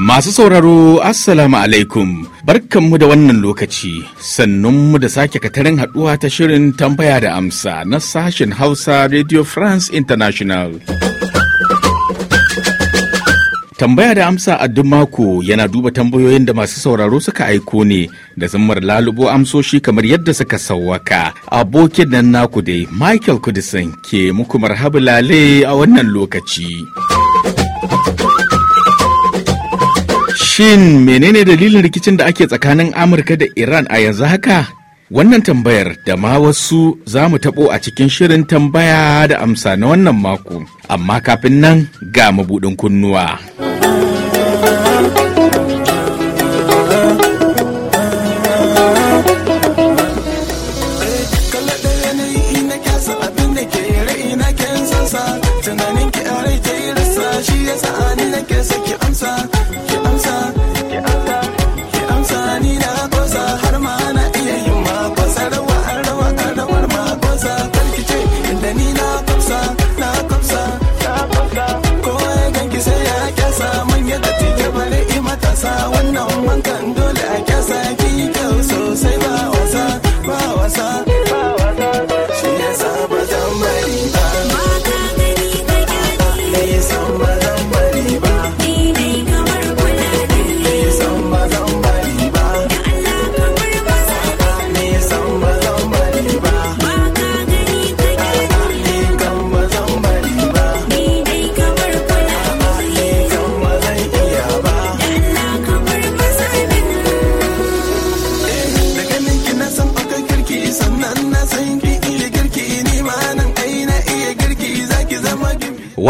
Masu sauraro Assalamu alaikum barkanmu da wannan lokaci sannunmu da sake katarin haɗuwa ta shirin tambaya da amsa na sashen Hausa Radio France International. Tambaya da amsa a duk mako yana duba tambayoyin da masu sauraro suka aiko ne da zammar lalubo amsoshi kamar yadda suka sauwaka. Abokin nan naku dai Michael Kudisan ke muku marhabu lale a wannan lokaci. Shin menene dalilin rikicin da ake tsakanin Amurka da Iran a yanzu haka? Wannan tambayar da ma wasu za mu taɓo a cikin shirin tambaya da amsa na wannan mako, amma kafin nan ga mabuɗin kunnuwa. sé que I'm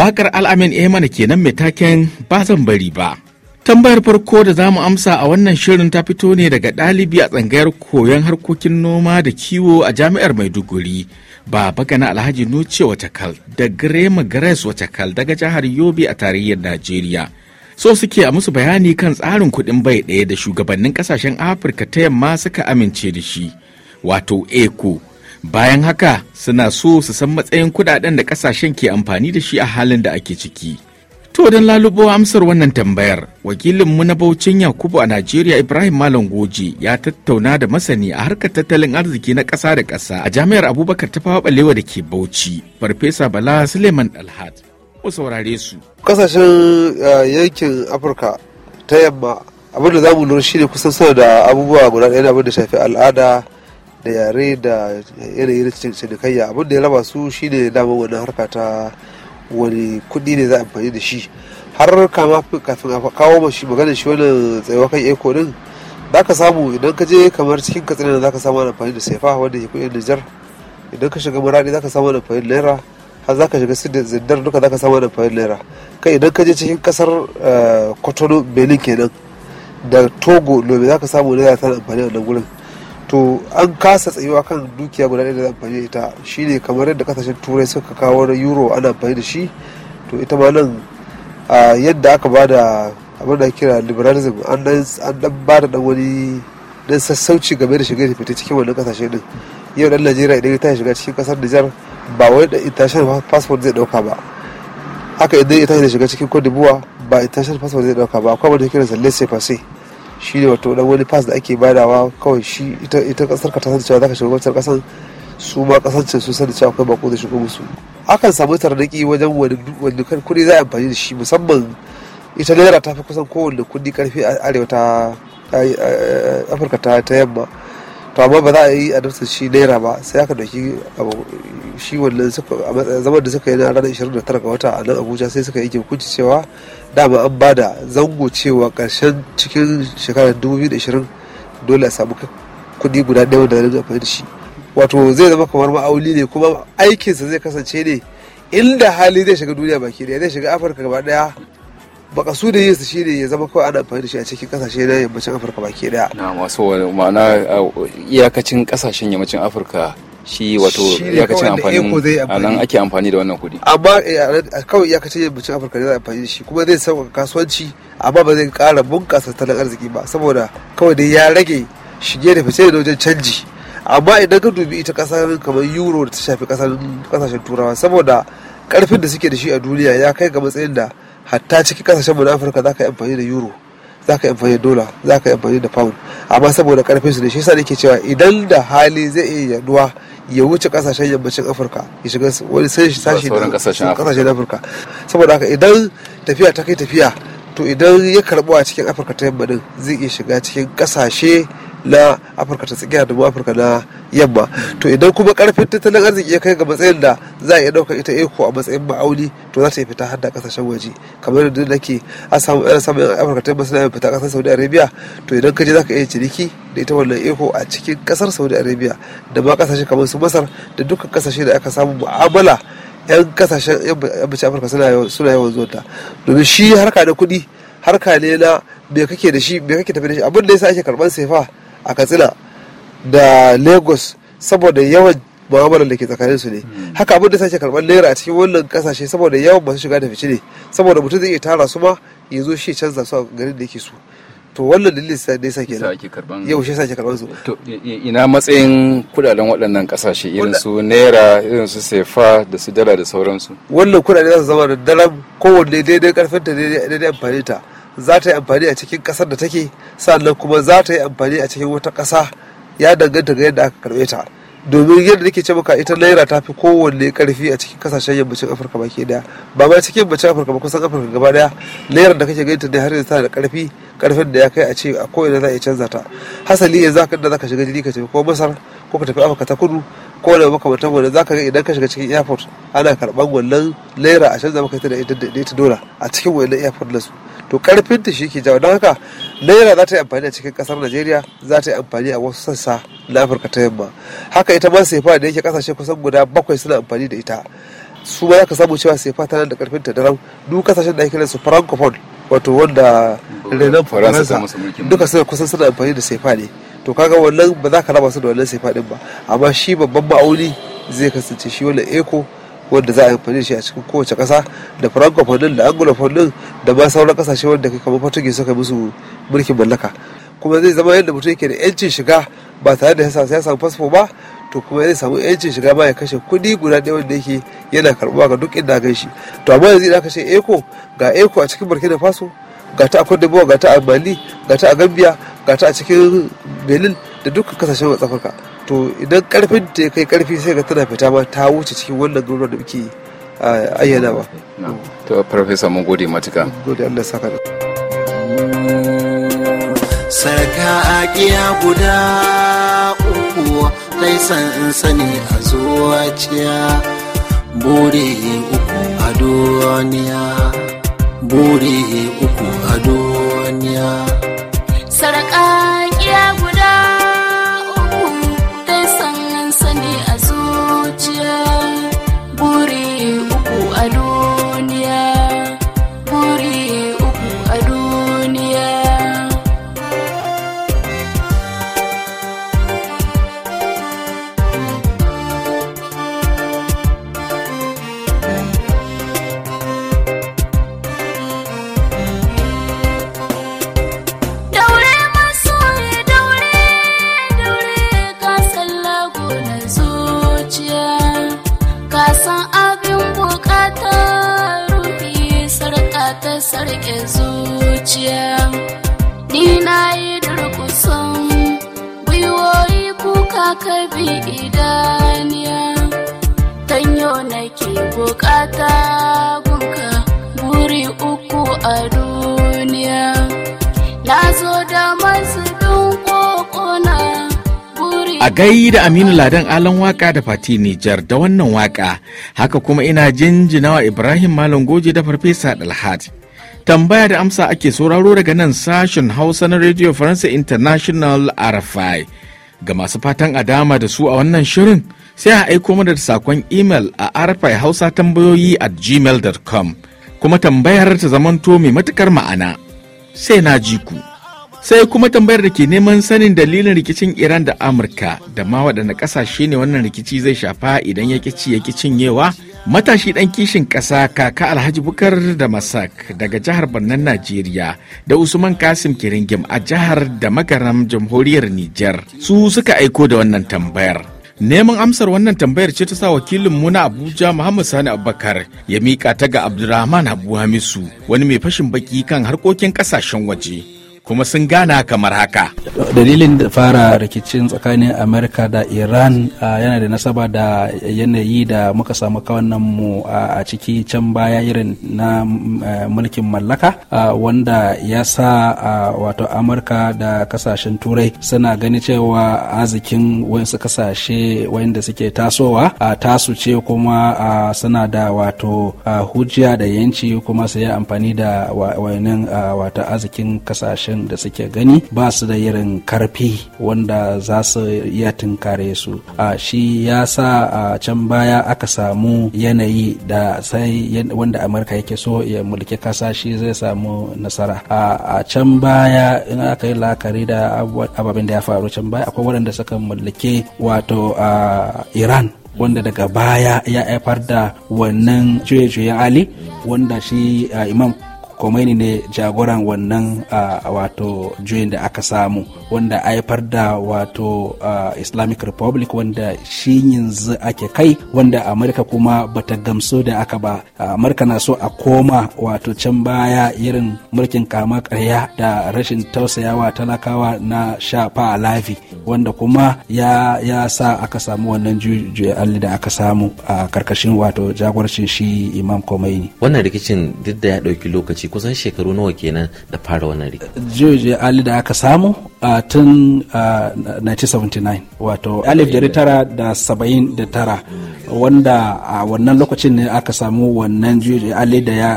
waƙar Al'amin eh mana kenan mai taken ba zan bari ba. Tambayar farko da za mu amsa a wannan shirin ta fito ne daga ɗalibi a tsangayar koyon harkokin noma da kiwo a jami'ar Maiduguri. Ba bagana Alhaji Nuce Watakal da Grema Grace Watakal daga jihar Yobe a tarayyar Najeriya. So suke a musu bayani kan tsarin kuɗin bai ɗaya da shugabannin ƙasashen Afirka ta yamma suka amince da shi. Wato ECO bayan haka suna so su san matsayin kudaden da kasashen ke amfani da shi a halin da ake ciki to don lalubo amsar wannan tambayar wakilin mu na baucin yakubu a najeriya ibrahim malam goji ya tattauna da masani a harkar tattalin arziki na ƙasa da ƙasa a jami'ar abubakar ta balewa da ke bauchi farfesa bala suleiman alhad mu saurare su kasashen eh, yankin afirka ta yamma abinda za mu lura shine kusan suna da abubuwa guda ɗaya da abin da shafi al'ada da yare da yanayin cinikayya abin da ya raba su shine damar wani harka ta wani kudi ne za a amfani da shi har kama kafin a kawo mashi magana shi wani tsayuwa kan eko din za ka samu idan ka je kamar cikin katsina za ka samu wani amfani da sefa wanda ke kuɗin nijar idan ka shiga muradi za ka samu wani amfani da naira har za ka shiga zindar duka za ka samu wani amfani da naira kai idan ka je cikin kasar eh, kotono benin kenan da togo lobe za ka samu naira tana amfani a wannan gurin to an kasa tsayuwa kan dukiya guda ɗaya da amfani da ita shine kamar yadda kasashen turai suka kawo na euro ana amfani da shi to ita ma nan yadda aka ba da abin da kira liberalism an dan ba da dan wani dan sassauci game da shiga da fita cikin wannan kasashe din yau dan najeriya idan ita shiga cikin kasar nijar ba wai da international passport zai dauka ba haka idan ita shiga cikin cote d'ivoire ba international passport zai dauka ba akwai wanda kiransa laissez passer shi ne wato dan wani pass da ake badawa kawai shi ita kasar ka ta sani cewa zaka shiga wancan kasan su ma sani cewa akwai bako da shigo musu akan samu tarnaki wajen wani kan kuɗi za a amfani da shi musamman ita naira ta fi kusan kowanne kuɗi karfi a arewa ta afirka ta yamma to amma ba za a yi a dafsa shi naira ba sai aka dauki shi wannan zaman da suka yi na ranar 29 ga wata a nan abuja sai suka yi hukunci cewa dama an ba da zango cewa karshen cikin shekarar 2020 dole a samu kuɗi guda ɗaya wanda rin amfani da shi wato zai zama kamar ma'auli ne kuma aikinsa zai kasance ne inda hali zai shiga duniya baki ɗaya zai shiga afirka gaba ɗaya baka su da yinsa shine ya zama kawai ana amfani da shi a cikin kasashe na yammacin afirka baki daya na masu wani ma'ana iyakacin kasashen yammacin afirka shi wato iyakacin amfani a nan ake amfani da wannan kuɗi amma eh, kawai iyakacin yammacin afirka ne za a amfani da shi kuma zai sauka kasuwanci amma ba zai ƙara bunƙasa tattalin arziki ba saboda kawai dai ya rage shige da fice da wajen canji amma idan ka dubi ita kasar kamar euro da ta shafi kasashen turawa saboda karfin da suke da shi a duniya ya kai ga matsayin da hatta ciki mu na afirka za ka yi amfani da euro za ka yi amfani da dola za ka yi amfani da pound amma saboda karfin su ne shi sa ke cewa idan da hali zai iya yaduwa ya wuce kasashen yammacin afirka ya shiga wani sai shi sashi da kasashen afirka saboda haka idan tafiya ta kai tafiya to idan ya karbo a cikin afirka ta yamma din zai iya shiga cikin kasashe na afirka ta tsakiya da afirka na yamma to idan kuma karfin tattalin arziki ya kai ga matsayin da za a iya daukar ita eko a matsayin ma'auni to za ta fita har da kasashen waje kamar da nake a samu yan samun yan afirka ta yamma suna fita kasar saudi arabia to idan ka je za ka iya ciniki da ita wannan eko a cikin kasar saudi arabia da ma kasashe kamar su masar da dukkan kasashe da aka samu mu'amala 'yan kasashen yammacin afirka suna yawan zuwa ta domin shi harka da kuɗi harka ne na me kake da shi me kake tafi da shi abin da yasa ake karban sefa a katsina da lagos saboda yawan ma'amalar da ke tsakanin su ne hmm. haka abin da yasa ake karban naira a cikin wannan kasashe saboda yawan masu shiga da fice ne saboda mutum zai iya tara su ma ya zo shi canza su a garin da yake so to wannan dalilin da yasa nan yau shi yasa ke karban su to ina matsayin kudaden waɗannan kasashe irin su naira irin su sefa da su dala da sauransu wannan kudaden za su zama da dala kowanne daidai karfin ta daidai amfani ta za ta yi amfani a cikin kasar da take sannan kuma za ta yi amfani a cikin wata kasa ya danganta ga yadda aka karbe ta domin yadda nake ce maka ita naira ta fi kowanne karfi a cikin kasashen yammacin afirka baki daya ba ma cikin yammacin afirka ba kusan afirka gaba daya naira da kake ganin ta har yanzu tana da karfi karfin da ya kai a ce a ina za a canza ta hasali yanzu haka da zaka shiga jirgi ka tafi ko masar ko ka tafi afirka ta kudu ko da makamantan wanda zaka ga idan ka shiga cikin airport ana karban wannan naira a canza maka ita da ita dola a cikin wannan airport na su to karfin ta shi ke jawo don haka naira za ta yi amfani a cikin kasar najeriya za ta yi amfani a wasu sassa na afirka ta yamma haka ita ma sefa da yake kasashe kusan guda bakwai suna amfani da ita su ma za ka samu cewa sefa tana da karfin ta daren duk kasashen da ake kiransu francophone wato wanda renan faransa duka suna kusan suna amfani da sefa ne to kaga wannan ba za ka raba su da wannan sefa din ba amma shi babban ma'auni zai kasance shi wani eko wanda za a yi amfani shi a cikin kowace ƙasa da francophone da anglophone da ma sauran ƙasashe wanda kamar portuguese suka musu mulkin mallaka kuma zai zama yadda mutum yake da yancin shiga ba tare da ya samu fasfo ba to kuma zai samu yancin shiga ba ya kashe kuɗi guda ɗaya wanda yake yana karɓuwa ga duk inda gan shi to amma yanzu idan aka ce eko ga eko a cikin burkina faso ga ta a cote d'ivoire ga ta a mali ga ta a gambia ga ta a cikin benin da dukkan kasashen west afirka to idan karfin ta kai karfi sai ga tana fita ma ta wuce cikin wannan gurbar da muke ayyana ba to farfesa mun gode matuka gode Allah saka da saka aƙiya guda uku laisan in sani a zuciya buri uku a duniya buri uku a duniya sarƙa ƙiya guda a duniya da gai aminu ladan alan waka da fati nijar da wannan waka haka kuma ina jinjinawa ibrahim malam goje da farfesa dalhat tambaya da amsa ake sauraro daga nan sashen hausa na radio faransa international rfi ga masu fatan a dama da su a wannan shirin sai a aiko mana da sakon imel a rfi hausa tambayoyi at gmail.com kuma tambayar ta zamanto mai matukar ma'ana sai na ji ku sai kuma tambayar da ke neman sanin dalilin rikicin iran da amurka da ma waɗanda ƙasashe ne wannan rikici zai shafa idan ya ci ya ƙi cinyewa matashi ɗan kishin ƙasa kaka alhaji bukar da masak daga jihar Barnan najeriya da usman kasim kiringim a jihar da magaram jamhuriyar Nijar, su suka aiko da wannan tambayar Neman amsar wannan tambayar ce ta sa wakilin mu na Abuja Muhammad Sani Abubakar ya mika ta ga Abdulrahman Abu Hamisu wani mai fashin baki kan harkokin ƙasashen waje. kuma sun gana kamar haka. Dalilin da fara rikicin tsakanin Amerika da Iran yana da nasaba da yanayi da muka samu kawannan mu a ciki can baya irin na mulkin mallaka wanda ya sa wato Amurka da kasashen turai suna gani cewa arzikin wasu kasashe wanda suke tasowa a tasu ce kuma suna da wato hujja da yanci kuma su yi amfani da wani wato arzikin kasashe kasashen da suke gani ba su da irin karfi wanda za su iya tunkare su a shi ya sa a can baya aka samu yanayi da sai wanda amurka yake so ya mulki kasa shi zai samu nasara a can baya in aka yi la'akari da ababen da ya faru can baya akwai waɗanda suka mulki wato a iran wanda daga baya ya haifar da wannan juye-juyen ali wanda shi imam Khomeini ne jagoran wannan wato juyin da aka samu wanda haifar da wato Islamic Republic wanda shi yanzu ake kai wanda Amurka kuma bata gamsu da aka ba Amurka na so a koma wato can baya irin mulkin kama karya da rashin tausayawa talakawa na shafa alavi wanda kuma ya, sa aka samu wannan alli da aka samu a karkashin wato jagorancin shi imam Khomeini wannan rikicin duk da ya ɗauki lokaci kusan shekaru nawa kenan da fara wannan rikici. Jiyoyi ali da aka samu A uh, tun uh, 1979 wato alif tara da saba'in da tara wanda a uh, wannan lokacin ne aka samu wannan ali da ya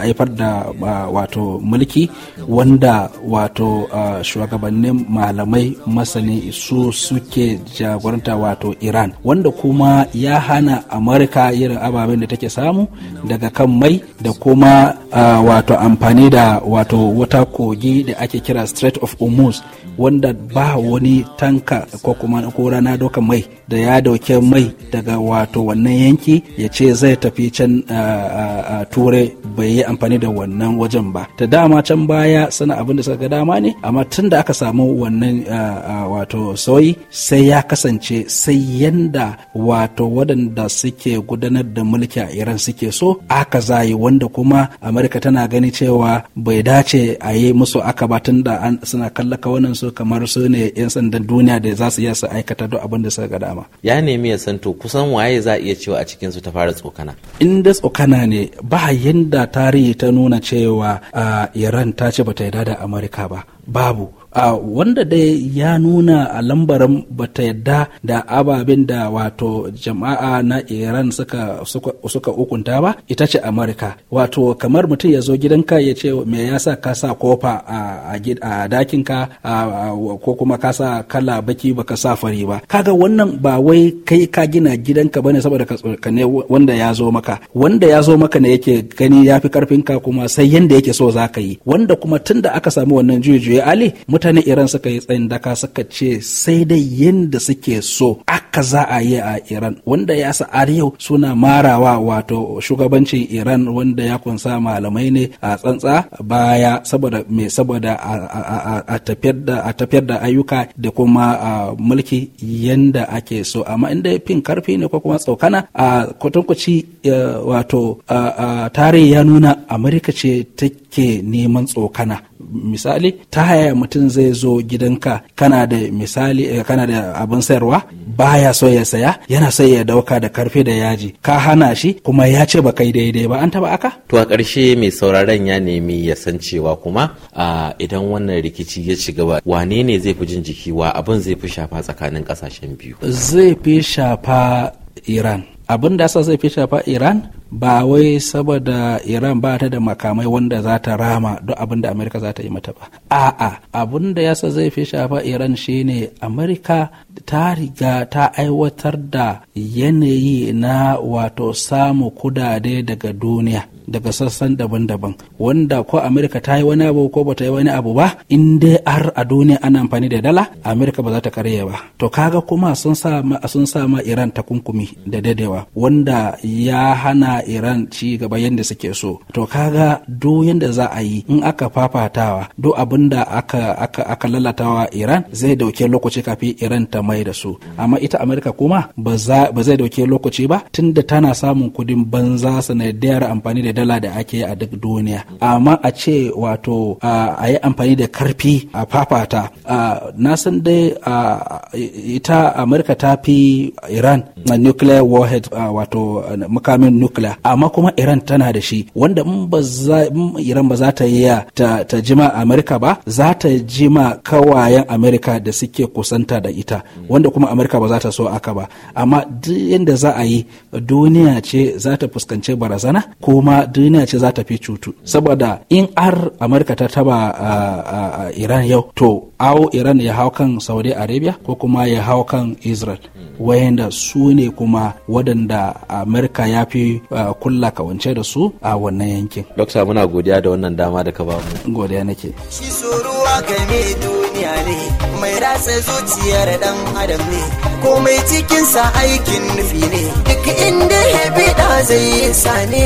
haifar da uh, wato mulki wanda wato shugabannin malamai masani su suke jagoranta wato iran wanda kuma ya hana amurka irin ababen da take samu daga kan mai da kuma wato amfani da wato wata kogi da ake kira strait of hormuz wanda ba wani tanka ko kuma ko rana doka mai da ya dauke mai daga wato wannan yanki ya ce zai tafi can a turai bai yi amfani da wannan wajen ba ta dama can baya suna abin da suka ga dama ne amma tun da aka samu wannan wato sauyi sai ya kasance sai yanda wato waɗanda suke gudanar da mulki a iran suke so aka zayi wanda kuma amurka tana gani cewa bai dace a yi musu aka ba tun da suna kallaka wannan so kamar su ne 'yan sandan duniya da za su iya su aikata duk abin da suka ga dama. Ya nemi ya san to kusan waye za iya cewa a cikin su ta fara tsokana. In da tsokana ne ba yanda tarihi ta nuna cewa ah, Iran ta ce bata yarda da Amurka ba. Babu a wanda dai ya nuna a lambarin bata yadda da ababen da wato jama'a na iran suka suka hukunta ba ita ce amurka wato kamar mutum ya zo gidanka ya ce me yasa ka sa kofa a dakinka ko kuma ka sa kala baki baka sa fari ba kaga wannan ba wai kai ka gina gidanka bane saboda ka ne wanda ya zo maka wanda ya zo maka ne yake gani ya fi karfinka kuma sai yanda yake so za ka yi wanda kuma tunda aka samu wannan juye ali mutanen iran suka yi tsayin daka suka ce sai dai yadda suke so aka za a yi a iran wanda ya sa har yau suna marawa wato shugabancin iran wanda ya kunsa malamai ne a tsantsa baya saboda me saboda a tafiyar da ayyuka da kuma mulki yadda ake so amma inda fin karfi ne ko kuma tsaukana a kwatankwaci wato tarihi ya nuna amurka ce take neman tsokana misali ta haya mutum zai zo gidanka kana da misali eh, kana da abin sayarwa baya so ya saya yana so ya dauka da karfe da yaji ka hana shi kuma ya ce ba kai daidai ba an taba aka to a karshe mai sauraron ya nemi ya san cewa kuma idan wannan rikici ya ci gaba wane ne zai fi jin jiki wa abin zai fi shafa tsakanin kasashen biyu zai fi shafa iran abin da sa zai fi shafa iran ba wai saboda iran ba ta da makamai wanda za ta rama duk abin da amerika za ta yi mata ba a'a abin da yasa zai fi shafa iran shine amerika ta riga ta aiwatar da yanayi na wato samu kudade daga duniya daga sassan daban-daban wanda ko amerika ta yi wani abu ko bata yi wani abu ba in dai har a duniya ana amfani da dala amerika ba za ta karya ba to kaga kuma sun sa ma iran takunkumi da daidaiwa wanda ya hana iran ci gaba yadda suke so to kaga do yadda za a yi in aka fafatawa do abin da aka aka aka lalatawa iran zai dauke lokaci kafi iran ta mai da su amma ita amerika kuma ba zai dauke lokaci ba tunda tana samun kudin banza sanadiyar amfani da dala da ake a duk duniya amma a ce wato a yi amfani da karfi a fafata na san dai ita amerika ta fi iran nuclear warhead wato mukamin nuclear gida amma kuma iran tana da shi wanda iran ba za ta yi ya ta jima amurka ba za ta jima kawayen amurka da suke kusanta da ita wanda kuma amurka ba za ta so aka ba amma duk yadda za a yi duniya ce za ta fuskanci barazana kuma duniya ce za ta fi cutu saboda in ar amurka ta taba iran yau to awo iran ya hau kan saudi arabia ko kuma ya hau kan israel wayanda su ne kuma waɗanda amurka ya fi uh, kulla kawance da su a wannan yankin dokta muna godiya da wannan dama da ka ba mu godiya nake mai zuciyar dan adam ne komai cikinsa aikin nufi ne duk inda zai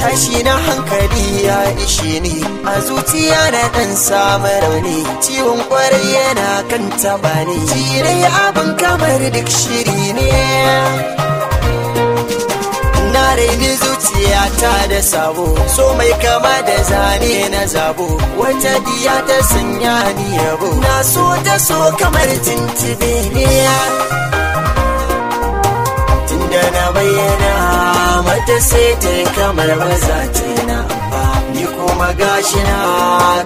tashi na hankali ya ishe ni a zuciya na ɗan samu rauni ciwon kwarai yana kan taba ni jirai abin kamar duk shiri ne na raini zuciyata da sabo so mai kama da zane na zabo wata diya ta sanya ni yabo na so ta so kamar tintibe ne tunda na bayyana ta sai ta kamar ba za ta yi na ba ni kuma gashi na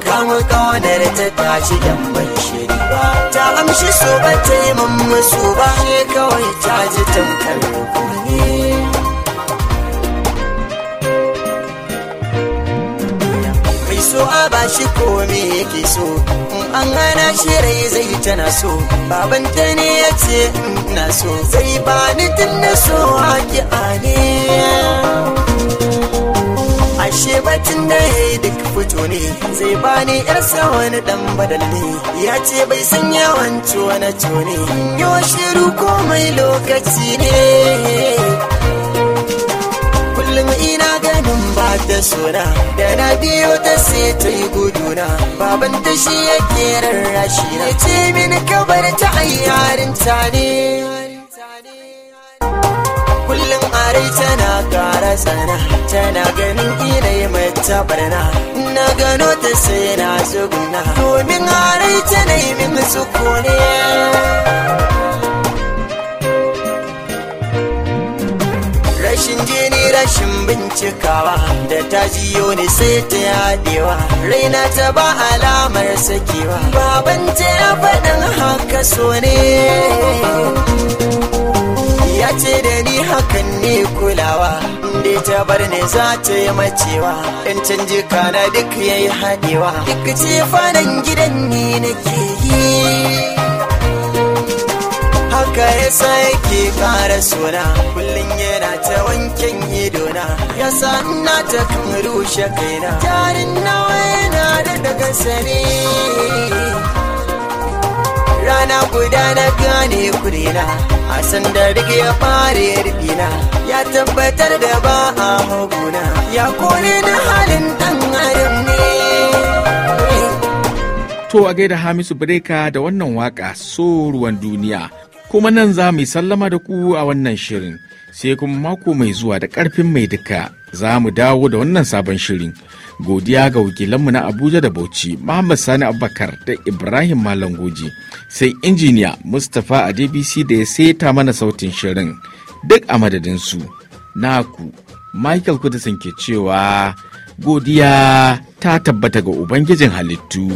kama kawanar ta tashi dan ban shiri ba ta amshi so ba ta yi mamma so ba ne kawai ta ji tamkar rukuni so a ba shi kome yake so in an hana shi rai zai na so babanta ne ya ce mm, ina so zai ba ni tun na so ki ne ba bani yarsa wani dan badalli ya ce bai san yawan na cone wa shiru komai lokaci ne kullum ina ganin ba ta suna da na biyo ta sai ta yi guduna baban ta shi yake rarrashi na ce mini kabar ta ayyarin ta ne kullum are tana kara sana, tana ganin ina yi mai tabarna na gano ta sai na zuguna domin are tana yi min sukune rashin jini rashin bincikawa da ta jiyo ne sai ta yadewa raina ta ba alamar sakewa babanta ya faɗin haka so ne Ni hakan ne kulawa inda ta bar ne za ta yi macewa in canji kana duk ya yi haɗewa duk ce fanan gidan ne nake yi haka ya sa yake ƙara suna kullum yana ta wanken idona sa na ta kan rushe kaina jarin nawa yana da daga sani rana guda na gane kurina a sanda rike ya fare rikina ya tabbatar da ba a maguna ya kore na halin dan ne to a gaida hamisu breka da wannan waka so ruwan duniya kuma nan za mu sallama da ku a wannan shirin sai kuma mako mai zuwa da karfin mai duka za mu dawo da wannan sabon shirin godiya ga wakilanmu na abuja da bauchi muhammad sani abubakar da ibrahim malangoji sai injiniya mustapha a dbc da ya saita mana sautin shirin duk a madadinsu naku michael kudisin ke cewa godiya ta tabbata ga ubangijin halittu.